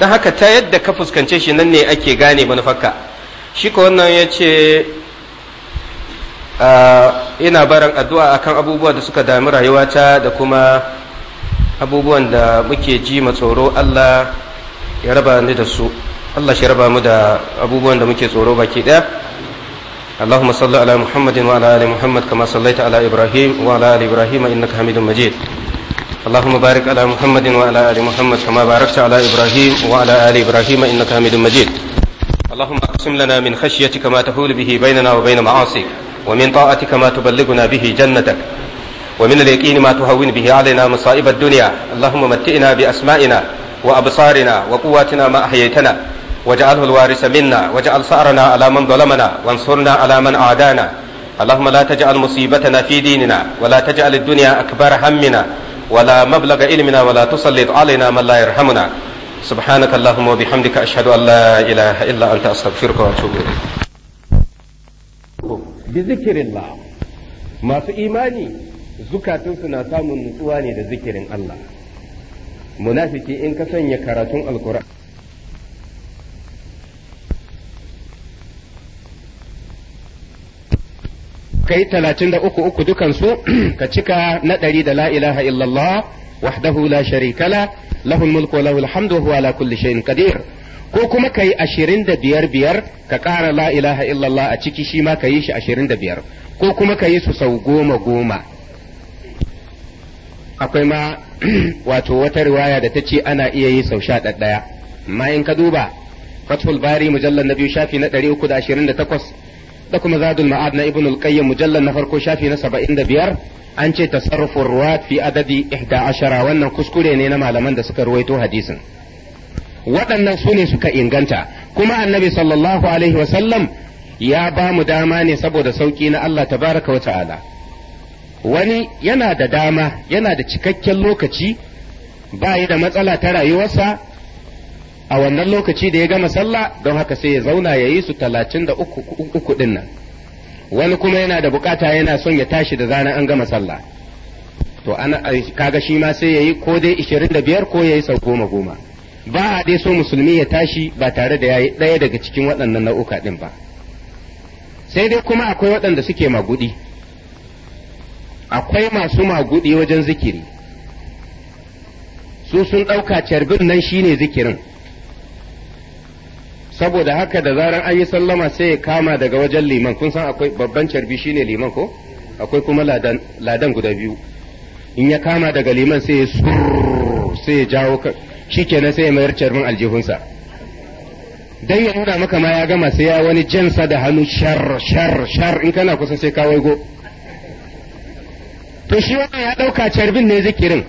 don haka ta yadda ka fuskance shi nan ne ake gane manufarka shi ka wannan ya ce ah, ina barin addu'a akan abubuwa da suka dami rayuwata da kuma abubuwan da muke ji tsoro Allah ya raba ni da su Allah shi raba mu da abubuwan da muke tsoro baki ɗaya اللهم صل على محمد وعلى ال محمد كما صليت على ابراهيم وعلى ال ابراهيم انك حميد مجيد اللهم بارك على محمد وعلى آل محمد كما باركت على إبراهيم وعلى آل إبراهيم إنك حميد مجيد اللهم اقسم لنا من خشيتك ما تحول به بيننا وبين معاصيك ومن طاعتك ما تبلغنا به جنتك ومن اليقين ما تهون به علينا مصائب الدنيا اللهم متئنا بأسمائنا وأبصارنا وقواتنا ما أحييتنا واجعله الوارث منا واجعل ثأرنا على من ظلمنا وانصرنا على من أعدانا اللهم لا تجعل مصيبتنا في ديننا ولا تجعل الدنيا أكبر همنا ولا مبلغ علمنا ولا تسلط علينا من لا يرحمنا سبحانك اللهم وبحمدك أشهد أن لا إله إلا أنت أستغفرك وأتوب إليك بذكر الله ما في إيماني زكاة سنة سامن نتواني ذكر الله منافقي إن كسن يكرتون القرآن kai talatin da uku uku dukansu ka cika na ɗari da la ilaha illallah wahdahu la sharika la lahul mulku wa lahul hamdu wa huwa ala kulli shay'in qadir ko kuma kai ashirin da biyar biyar ka ƙara la ilaha illallah a ciki shi ma ka yi shi ashirin da biyar ko kuma ka yi su sau goma goma akwai ma wato wata riwaya da ta ce ana iya yi sau sha ɗaya amma in ka duba fathul bari mujallar na biyu shafi na ɗari uku da ashirin da takwas da kuma zadul ma'ad na ibn al-qayyim mujallal na farko shafi na 75 an ce tasarrufur ruwat fi adadi 11 wannan kuskure ne na malaman da suka ruwaito hadisin waɗannan su ne suka inganta kuma annabi sallallahu alaihi wasallam ya ba mu dama ne saboda sauki na Allah tabaraka wa ta'ala wani yana da dama yana da cikakken lokaci ba da matsala ta rayuwarsa a wannan lokaci da ya gama sallah don haka sai ya zauna ya yi su talatin da uku ɗin nan wani kuma yana da bukata yana son ya tashi da zana an gama sallah to ana kaga shi ma sai ya yi ko dai ishirin da biyar ko ya yi sau goma goma ba a dai so musulmi ya tashi ba tare da ya yi ɗaya daga cikin waɗannan nau'uka ɗin ba sai dai kuma akwai waɗanda suke magudi akwai masu magudi wajen zikiri su sun ɗauka carbin nan shine zikirin saboda haka da zaran an yi sallama sai ya kama daga wajen liman kun san akwai babban carbi shine liman ko akwai kuma ladan ladan guda biyu in ya kama daga liman sai ya sai ya jawo shikenan sai ya mayar carbin aljihunsa dan ya nuna maka ma ya gama sai ya wani jansa da hannu shar shar shar in kana kusa sai ka waigo to shi wannan ya dauka carbin ne zikirin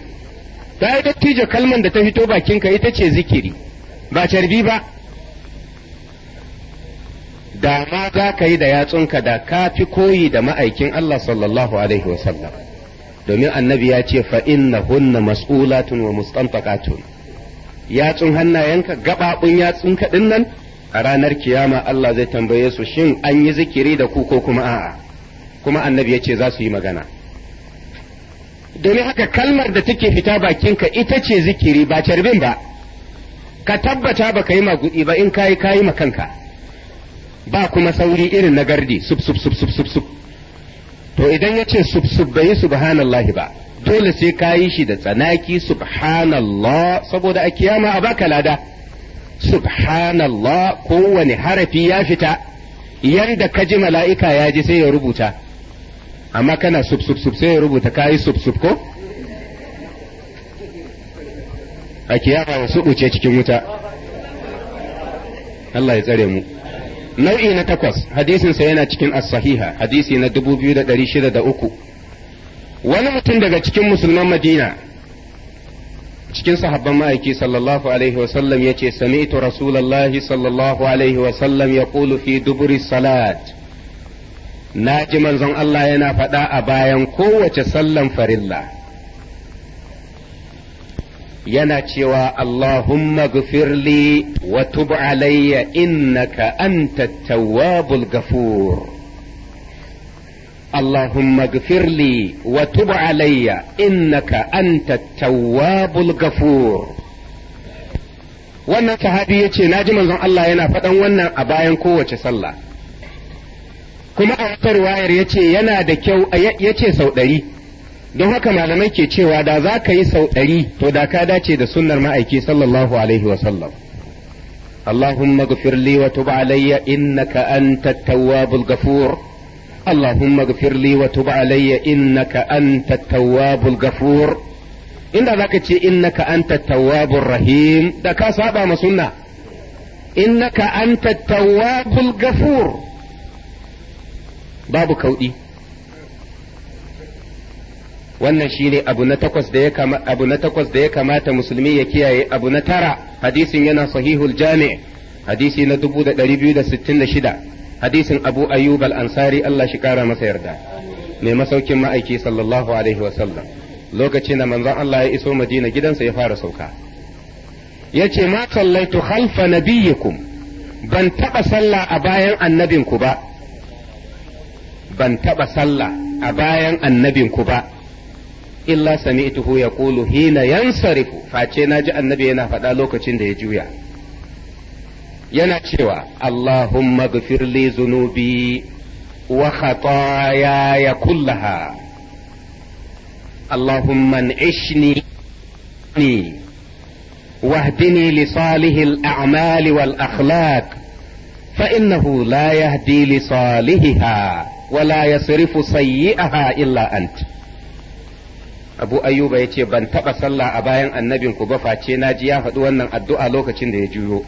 da ya dattijo kalman da ta fito bakinka ita ce zikiri ba carbi ba da ma za ka yi da yatsunka da ka fi koyi da ma'aikin Allah sallallahu alaihi wasallam domin annabi ya ce na na hunna mas'ulatun wa mustantaqatun yatsun hannayenka gaɓaɓun yatsun kaɗin nan a ranar kiyama Allah zai tambaye su shin an yi zikiri da ku ko kuma a'a kuma annabi ya ce za su yi magana domin haka kalmar da take fita bakinka ita ce zikiri ba carbin ba ka tabbata ba ka yi maguɗi ba in kayi kayi ma kanka ba kuma sauri irin na gardi sub sub sub sub sub sub to idan yace ce sub sub bai subhanallahi ba dole sai ka yi shi da tsanaki subhanallah saboda a kiyama a baka lada subhanallah kowane harafi ya fita yanda ka ji mala'ika ya ji sai ya rubuta amma kana sub sub sub sai ya rubuta ka yi sub sub ko a kiyama wasu cikin wuta Allah ya tsare mu nau'i na takwas hadisinsa yana cikin as-sahiha hadisi na 2603 wani mutum daga cikin musulman madina cikin sahabban ma'aiki sallallahu alaihi wasallam ya ce sami'tu rasulallahi sallallahu alaihi wasallam ya kulu fi duburi salat na ji manzon Allah yana faɗa a bayan kowace sallan farilla yana cewa Allahumma gufirli wa tub alayya innaka anta tawwabul ghafur Allahumma gufirli wa tub alayya innaka anta tawwabul ghafur wannan sahabi yace naji manzon Allah yana faɗan wannan a bayan kowace sallah kuma a wata riwayar yace yana da kyau yace sau ɗari don haka malamai ke cewa da za ka yi sau ɗari to da ka dace da sunnar ma'aiki sallallahu alaihi wa sallam Allahumma gafir li wa tub alayya innaka antat tawwabul gafur Allahumma gafir li wa tub alayya innaka antat tawwabul gafur inda zaka ce innaka antat tawwabur bulrahim da ka saba ma sunna innaka antat tawwabul bulgafur babu kaudi wannan shine abu na da ya abu na takwas da ya kamata musulmi ya kiyaye abu na tara hadisin yana sahihul jami hadisi na 2266 hadisin abu ayyub al ansari Allah shi kara masa yarda mai masaukin ma'aiki sallallahu alaihi wasallam lokacin da manzon Allah ya iso Madina gidansa ya fara sauka yace ma sallaitu khalfa nabiyyikum ban taba sallah a bayan annabinku ba ban taba sallah a bayan annabinku ba إلا سمعته يقول حين ينصرف فاتينا جاء النبي هنا فدا لوكاتين ده يجويا يناتشيوا اللهم اغفر لي ذنوبي وخطاياي كلها اللهم انعشني واهدني لصالح الأعمال والأخلاق فإنه لا يهدي لصالحها ولا يصرف سيئها إلا أنت abu ayyuba ya ce ban taɓa sallah a bayan annabin ku ba face na ji ya faɗi wannan addu'a lokacin da ya juyo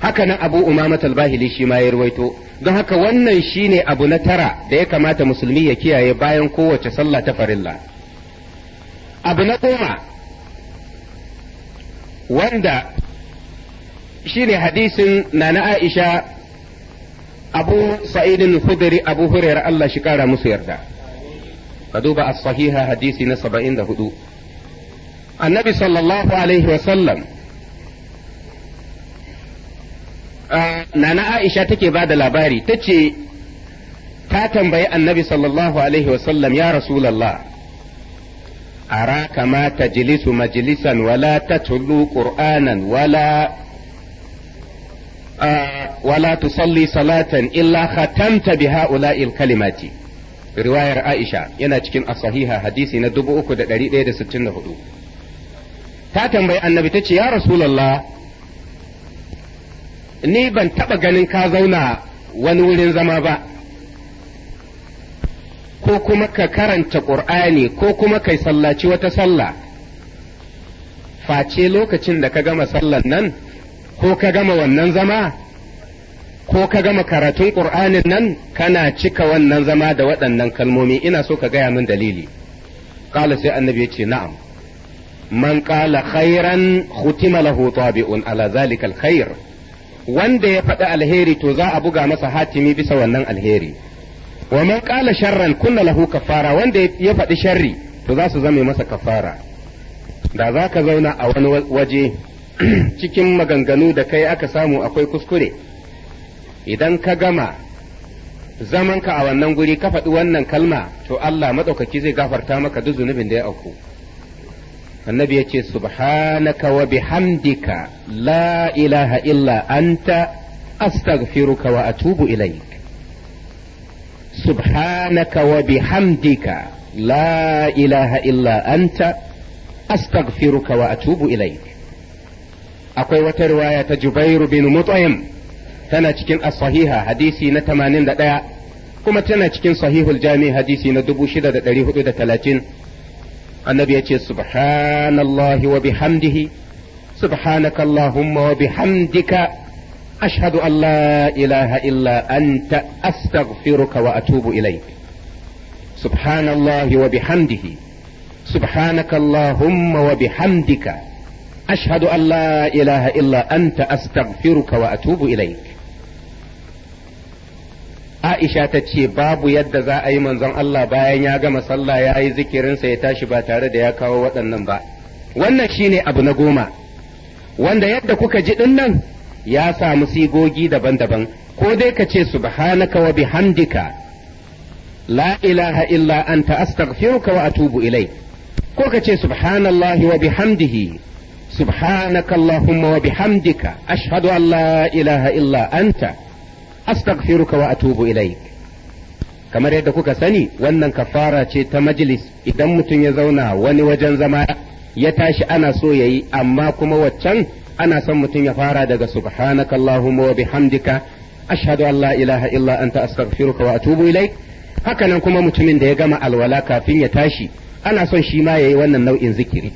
hakanan abu umama talbahili shi ma ya ruwaito don haka wannan shine abu na tara da ya kamata musulmi ya kiyaye bayan kowace sallah ta farilla abu na goma wanda shine hadisin nana aisha abu sa'idin khudri abu hurairah allah shi kara musu yarda ka duba as-sahiha hadisi na 74 annabi sallallahu alaihi wa sallam nana Aisha take ba da labari ta ce ta tambayi annabi sallallahu alaihi wasallam ya rasulallah Arakamata kama tajlisu majlisan wala tatlu qur'anan wala wala tusalli salatan illa khatamta bi ha'ula'il kalimati riwayar Aisha yana cikin as hadisi na 3164 ta tambayi annabi ta ce ya rasulullah ni ban taba ganin ka zauna wani wurin zama ba ko kuma ka karanta ƙur'ani ko kuma kai sallaci wata sallah face lokacin da ka gama sallan nan ko ka gama wannan zama ko ka gama karatun ƙur'anin nan kana cika wannan zama da waɗannan kalmomi ina so ka gaya min dalili ƙala sai annabi ya ce na'am man ƙala khairan hutima lahu tabi'un ala zalikal khair wanda ya faɗi alheri to za a buga masa hatimi bisa wannan alheri wa man ƙala sharran kunna lahu kafara wanda ya faɗi sharri to za su zame masa kafara da za ka zauna a wani waje cikin maganganu da kai aka samu akwai kuskure idan ka gama zamanka a wannan guri ka faɗi wannan kalma to Allah maɗaukaki zai gafarta maka duk zunubin da ya auku annabi ya ce subhanaka wa bihamdika la ilaha illa anta astaghfiruka wa atubu ilaik subhanaka wa bihamdika la ilaha illa anta astaghfiruka wa atubu ilaik akwai wata riwaya ta jubairu bin mut'im tana cikin as-sahiha hadisi na 81 kuma tana cikin sahihul jami hadisi na 6430 annabi yace subhanallahi wa bihamdihi subhanaka allahumma wa bihamdika ashhadu an la ilaha illa anta astaghfiruka wa atubu ilayk سبحانك اللهم وبحمدك أشهد أن لا إله إلا أنت أستغفرك وأتوب إليك Aisha ta ce babu yadda za a yi manzon Allah bayan ya gama sallah ya yi zikirinsa ya tashi ba tare da ya kawo waɗannan ba. Wannan shine abu na goma, wanda yadda kuka ji ɗin nan ya samu sigogi daban-daban, ko dai ka ce subhanaka wa bihamdika la ilaha illa anta astaghfiruka wa atubu ilai, ko ka ce subhanallahi wa bihamdihi subhanaka Allahumma wa bihamdika ashhadu an la ilaha illa anta astaghfiruka wa atubu ilaik kamar yadda kuka sani wannan kafara ce ta majlis idan mutum ya zauna wani wajen zama ya tashi ana so yayi amma kuma waccan ana son mutum ya fara daga subhanakallahumma wa bihamdika ashhadu an la ilaha illa anta astaghfiruka wa atubu ilaik haka nan kuma mutumin da ya gama alwala kafin ya tashi ana son shi ma yayi wannan nau'in zikiri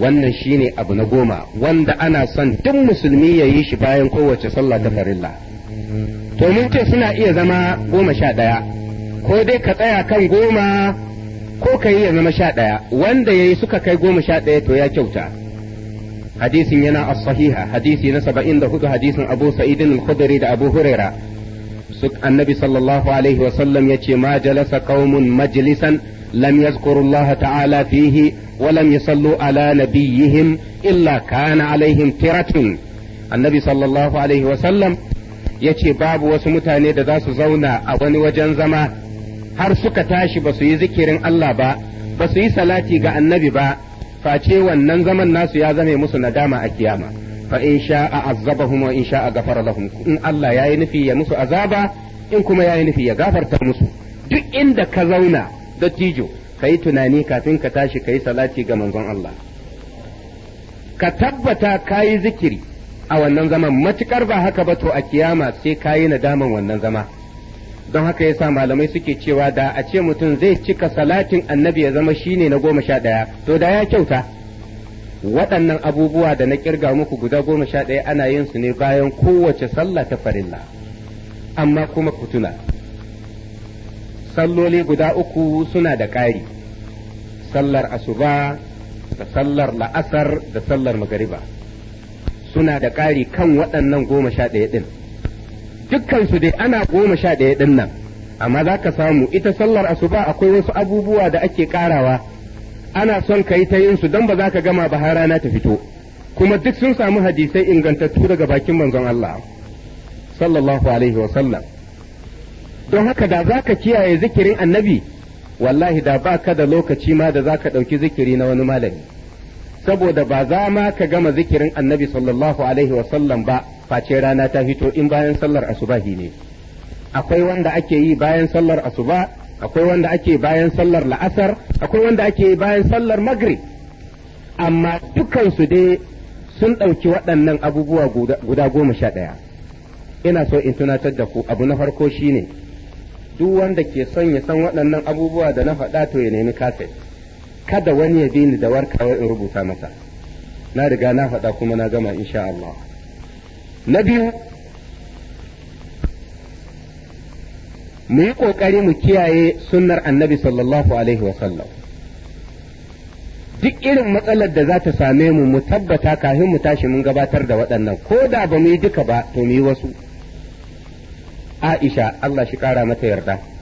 wannan shine abu na goma wanda ana son duk musulmi ya yi shi bayan kowace sallah ta farilla to mun ce suna iya zama goma sha ɗaya ko dai ka tsaya kan goma ko ka yi ya zama sha ɗaya wanda ya yi suka kai goma sha ɗaya to ya kyauta hadisin yana as-sahiha hadisi na saba'in da hudu hadisin abu sa'idin al da abu huraira annabi sallallahu alaihi wa sallam ce ma jalasa qaumun majlisan lam yazkuru Allah ta'ala fihi wa lam yusallu ala nabiyyihim illa kana alaihim tiratun annabi sallallahu alaihi wa sallam ya ce babu wasu mutane da za su zauna a wani wajen zama har suka tashi ba su yi zikirin Allah ba ba su yi salati ga annabi ba face wannan zaman nasu ya zame musu dama a kiyama fa in sha a azabahum wa in sha a ghafara lahum in Allah yayi nufi ya musu azaba in kuma yayi nufi ya gafarta musu duk inda ka zauna da tijo kai tunani kafin ka tashi kai salati ga manzon Allah ka tabbata kayi zikiri a wannan zaman matukar ba haka ba to a kiyama sai kayi daman wannan zama don haka ya sa malamai suke cewa da a ce mutum zai cika salatin annabi ya zama shine na goma sha ɗaya to da ya kyauta waɗannan abubuwa da na kirga muku guda goma sha ɗaya ana yin su ne bayan kowace sallah ta farilla amma kuma kutuna salloli guda uku suna da ƙari sallar asuba da sallar la'asar da sallar magariba suna da ƙari kan waɗannan goma sha ɗaya ɗin dukkansu dai ana goma sha ɗaya ɗin nan amma za ka samu ita sallar asuba akwai wasu abubuwa da ake ƙarawa ana son ka yi ta yin su don ba za ka gama ba har rana ta fito kuma duk sun samu hadisai ingantattu daga bakin manzon Allah sallallahu alaihi wa sallam don haka da za ka kiyaye zikirin annabi wallahi da ba ka da lokaci ma da za ka ɗauki zikiri na wani malami saboda ba za ma ka gama zikirin annabi sallallahu alaihi wasallam ba face rana ta hito in bayan sallar asubahi ne akwai wanda ake yi bayan sallar asuba akwai wanda ake bayan sallar la'asar akwai wanda ake yi bayan sallar magrib amma dukansu dai sun ɗauki waɗannan abubuwa guda goma sha ɗaya ina so in tunatar da ku abu na farko shine duk wanda ke son ya san waɗannan abubuwa da na faɗa to ya nemi kafet. kada wani ya bi ni da warkawa in rubuta masa na riga na faɗa kuma na gama insha Allah na biyu mu yi ƙoƙari mu kiyaye sunnar annabi sallallahu alaihi wasallam duk irin matsalar da za ta same mu mu tabbata kafin mu tashi mun gabatar da waɗannan ko da ba mu yi duka ba to mu yi wasu aisha Allah shi ƙara mata yarda